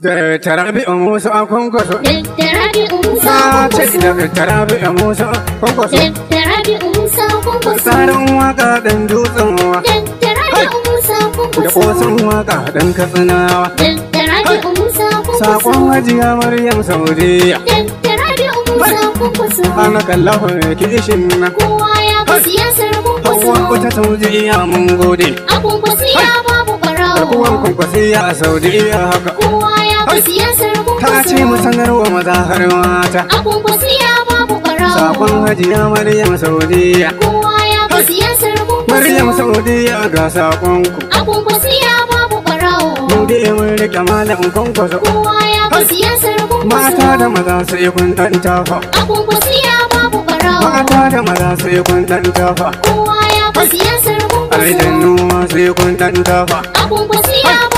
Da tarabi'u Musa a kwankwaso. Da tarabi'u Musa a kwankwaso. Da tarabi'u Musa a kwankwaso. Da tarabi'u Musa a kwankwaso. Tsarin waka ɗan dutsen wa. Da tarabi'u Musa a kwankwaso. Da ƙosan waka ɗan katsinawa. Da tarabi'u Musa a kwankwaso. Saƙon hajiya Maryam Saudiya. Da tarabi'u Musa a kwankwaso. Ana kallafa mai kishin na. Kowa ya fi siyasar kwankwaso. Hawa wata Saudiya mun gode. A kwankwaso ya babu ɓarawo. Karkuwan kwankwaso ya Saudiya haka. Kowa ta ce mu sanarwa maza har mata sakon hajiya maryam saudiya maryam saudiya ga sakon ku mun rike malam kwankwaso mata da maza sai kun dan tafa mata da maza sai kun dan tafa kowa ya fasiya sarko aljannu sai kun dan tafa abun fasiya ba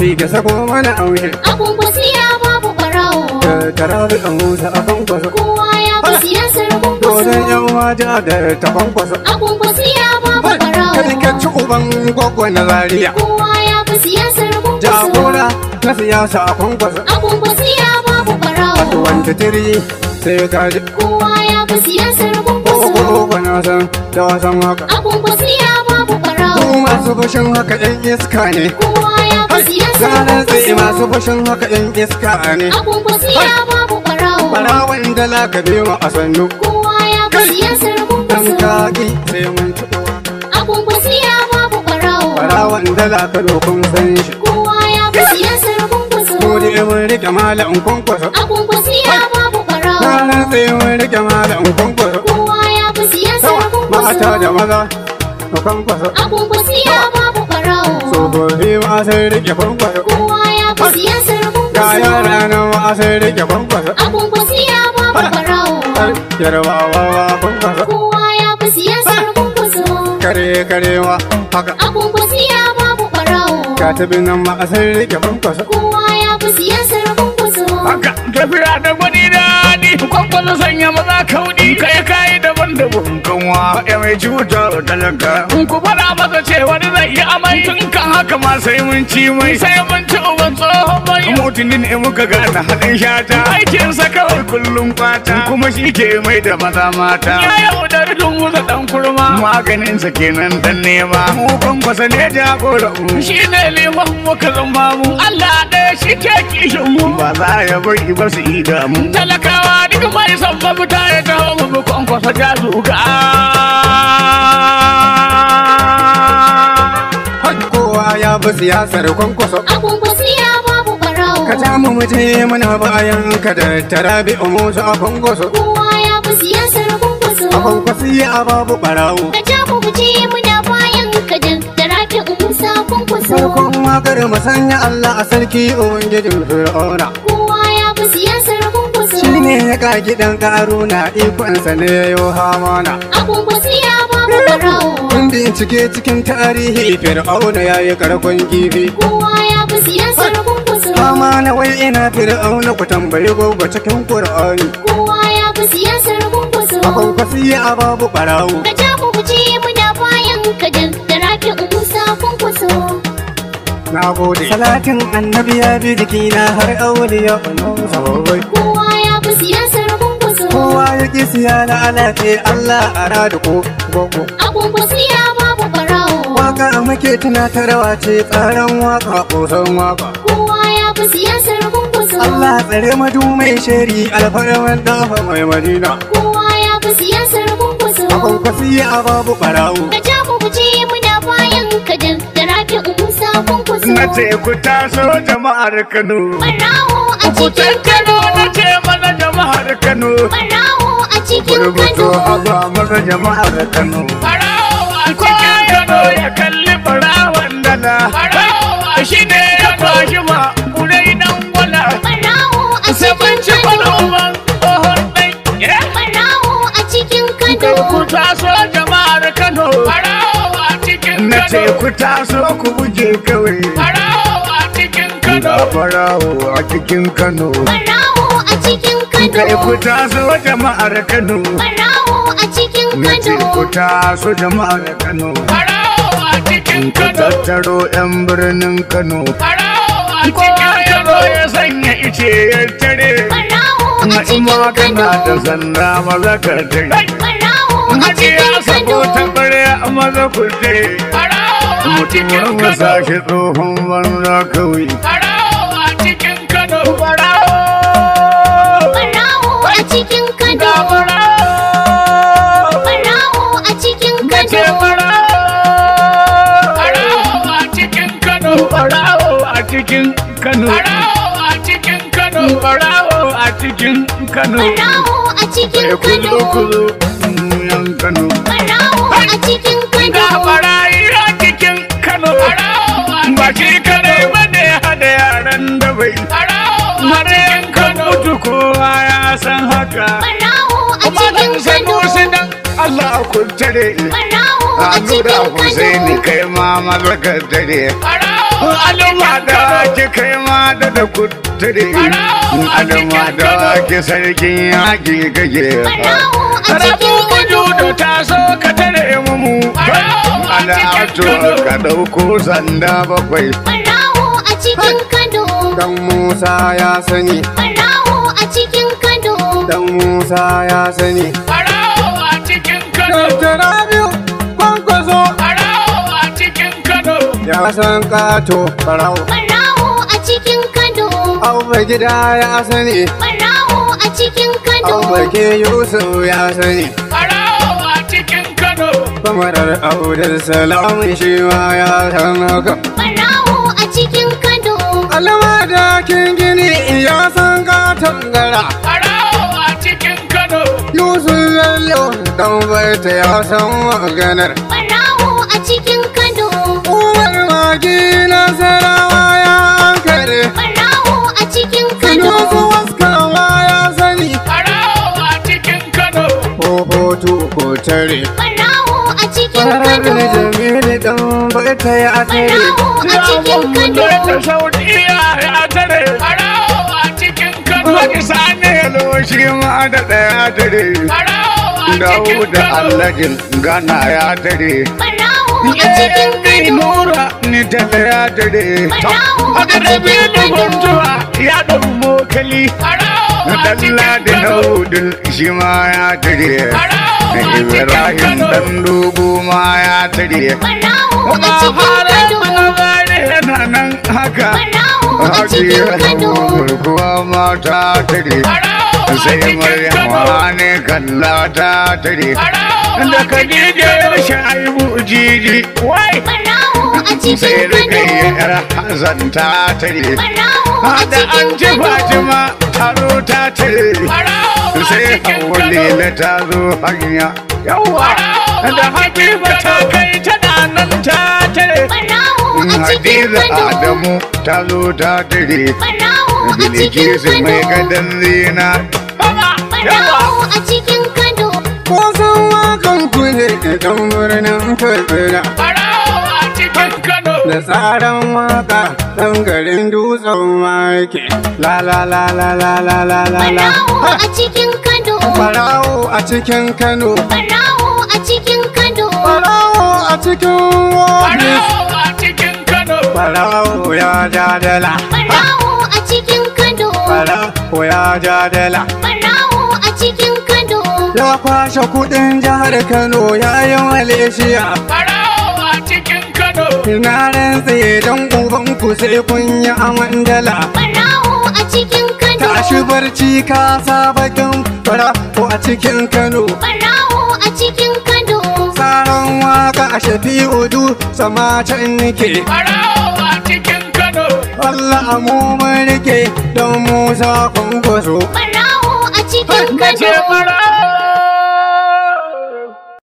shi ki sako mana aushe. Abun siya babu ɓarawo. Tattara da tsangusa a kwankwasa. Kowa ya kwasiya sarkun kwasa. Dodon yan wata da ta kwankwasa. Abun siya babu ɓarawo. Kada ka ci uban gwagwa na zariya. Kowa ya kwasiya sarkun kwasa. Jagora na siyasa a kwankwasa. Abun siya babu ɓarawo. A tuwan tiri sai ya kaji. Kowa ya kwasiya sarkun kwasa. Ko ko na san da wasan haka. Abun siya babu ɓarawo. Kuma su fushin haka ɗan iska ne. Kowa ya Zanen tsaye masu fashin haka ɗin iska ne. Akunkwasiya babu ɓarawo. Ɓarawon dala ka bi mu a sannu. Kowa ya kusiya sarkun kusa. Ɗan kaki sai mun ci taɓa. Akunkwasiya babu ɓarawo. Ɓarawon dala ka dokun san shi. Kowa ya kusiya sarkun kusa. Ko dai mun rike malam kwankwasa. Akunkwasiya babu ɓarawo. Zanen tsaye mun rike malam kwankwasa. Kowa ya kusiya sarkun kusa. Mata da maza. kwankwasa. A kwankwasa ya babu ɓarawo. Tsofaffi ma sai rike kwankwasa. Kowa ya kusi ya sun kwankwasa. Ga yara nan ma sun rike kwankwasa. A kwankwasa ya babu ɓarawo. Yarbawa ma kwankwasa. Kowa ya kusi ya sun kwankwasa. Kare kare ma haka. A kwankwasa ya babu ɓarawo. Katabi nan ma sai rike kwankwasa. Kowa ya kusi ya sun kwankwasa. Haka tafiya da gwani da daɗi. Kwankwasa sanya maza kaudi. Kai kai daban-daban. kanwa mai cutar talaka in ku faɗa masa ce wani zai yi amai tun kan haka ma sai mun ci mai sai mun ci uban tsohon mai mutunin in muka gane haɗin shata aikinsa kawai kullum fata kuma shi ke mai da maza mata dunguza dan kurma maganin sa kenan dan nema mu kwankwasa ne jagora mu shine liman zan ba mu Allah ɗaya shi ke kishin mu ba za ya bari ba su ida mu talakawa duk mai san mafita ya taho mu kwankwasa jazuka kowa ya bi siyasar kwankwaso. A kwankwaso ya babu ɓarawo. Ka tamu mu je muna bayan ka da tara. tarabi umusu a kwankwaso. Kowa ya bi siyasar a kwankwasi a babu barawo ka ja mu guje muna bayan ka da rafi musa kwankwaso farkon wakar masanya allah a sarki ubangijin fir'auna kowa ya fi siyasar kwankwaso shi ne ya kaki dan karuna ikonsa ne ya yi hamana a kwankwaso ya babu barawo kun bincike cikin tarihi fir'auna ya yi karkon kifi kowa ya fi siyasar kwankwaso Kama na wai ina fir'auna ku tambayi gobe cikin Kur'ani. Kowa ya fi siyasar kwankwaso. Makwaukwasi a babu ɓarawo. Da ja mu guje muna bayan kadan da rafi musa kwankwaso. Na gode. Salatin annabi ya bi jikina har aure ya ɓanau sababbai. Kowa ya fi siyasar kwankwaso. Kowa ya ƙi siya na ana ce Allah a radu ko gogo. A kwankwaso a babu ɓarawo. Waka a muke tunatarwa ce tsaron waka ƙosan waka. Kowa ya fi siyasar kwankwaso. Allah tsare madu mai shari alfarman dafa mai madina. Kowa Masu siyasar kunkusu. A kunkusu a babu ɓarawo. Ka ja ku guje muna bayan ka da Rabi'u Musa kunkusu. Na ce ku taso jama'ar Kano. Ɓarawo a cikin Kano. Na ce mana jama'ar Kano. Ɓarawo a cikin Kano. a ba mana jama'ar Kano. Ɓarawo a cikin Kano. ya kalli ɓarawon dala. Ɓarawo a shi ne ya kwashi ce ku taso ku buge kawai farawo a cikin kano farawo a cikin kano farawo a cikin kano kai ku taso jama'ar kano farawo a cikin kano ce ku taso jama'ar kano farawo a cikin kano ka tattaro yan birnin kano farawo a cikin kano ya sanya ice ya tare na ima kana da zanna maza ka tare Hajiya sabo ta bare maza ku tare mutum warwasa shi tsohon banza kawai barawo a cikin kano barawo barawo a cikin kano barawo a cikin kano barawo a cikin kano barawo a cikin kano barawo a cikin kano barawo a cikin kano barawo a cikin kano barawo a cikin kano haka kuma dan sanusi dan Allah tare a nura Husaini kai ma mazaka tare alama da ki kai ma da da ki sarkin yaki ta so ka tare mu ka dauko sanda bakwai Barawo a cikin Kano Dan Musa ya sani dan Musa ya sani. Barawo a cikin Kano. Dr. biyu, Kwankwaso. Barawo a cikin Kano. Ya san kato barawo. Barawo a cikin Kano. Auma gida ya sani. Barawo a cikin Kano. ke Yusuf ya sani. Barawo a cikin Kano. Kamarar Abdul Salam shi ma ya san haka. Barawo a cikin Kano. Alama da kin gini ya san kato gara. sun lallau dan baita ya san maganar. Barawo a cikin Kano. Umar magi nasarawa ya kare. Barawo a cikin Kano. Kano waskawa ya sani. Barawo a cikin Kano. Hohoto ko tare. Barawo a cikin Kano. ne Farar jamilu dan baita ya tare. Barawo a cikin Kano. Shagun baita shaudi ya tare. Barawo a cikin Kano. shi ma da ɗaya dare dawo da allajin gana ya dare ya cikin kai nura ni da ya dare haka da da guntuwa ya ɗau mokali dalla da daudin shi ma ya dare na ibrahim dan dubu ma ya dare wata fara mana bare yana nan haka Hajiya da kuwa mata dare. sai maryam wani kalla ta tare da kadija shaibu jiji sai rike yar hazan ta tare da an ji fatima taro ta tare sai hawalila ta zo hanya yawa da Habiba ta kai tana nan ta tare hadiza adamu ta zo ta tare Bilkisu mai gadon zina dawo a cikin Kano. Ko da ɗan Barawo a cikin waka ɗan garin dutsen wake. La la la la la la la la. Barawo a cikin Kano. Barawo a cikin Kano. Barawo a cikin Kano. Barawo a cikin wani. Barawo a cikin Kano. Barawo ya dadala. Barawo a cikin Kano. koya jadala Barawo a cikin Kano. Ya kwashe kuɗin jihar Kano ya yi Malaysia. Barawo a cikin Kano. Ina rantsaye don uban ku sai kun yi aman dala. Barawo a cikin Kano. Tashi barci ka saba gan fara ko a cikin Kano. Barawo a cikin Kano. Tsaron waka a shafi udu sama can nike Barawo a cikin Allah mu mun don Musa kun gwazo. Barawo a cikin Kano.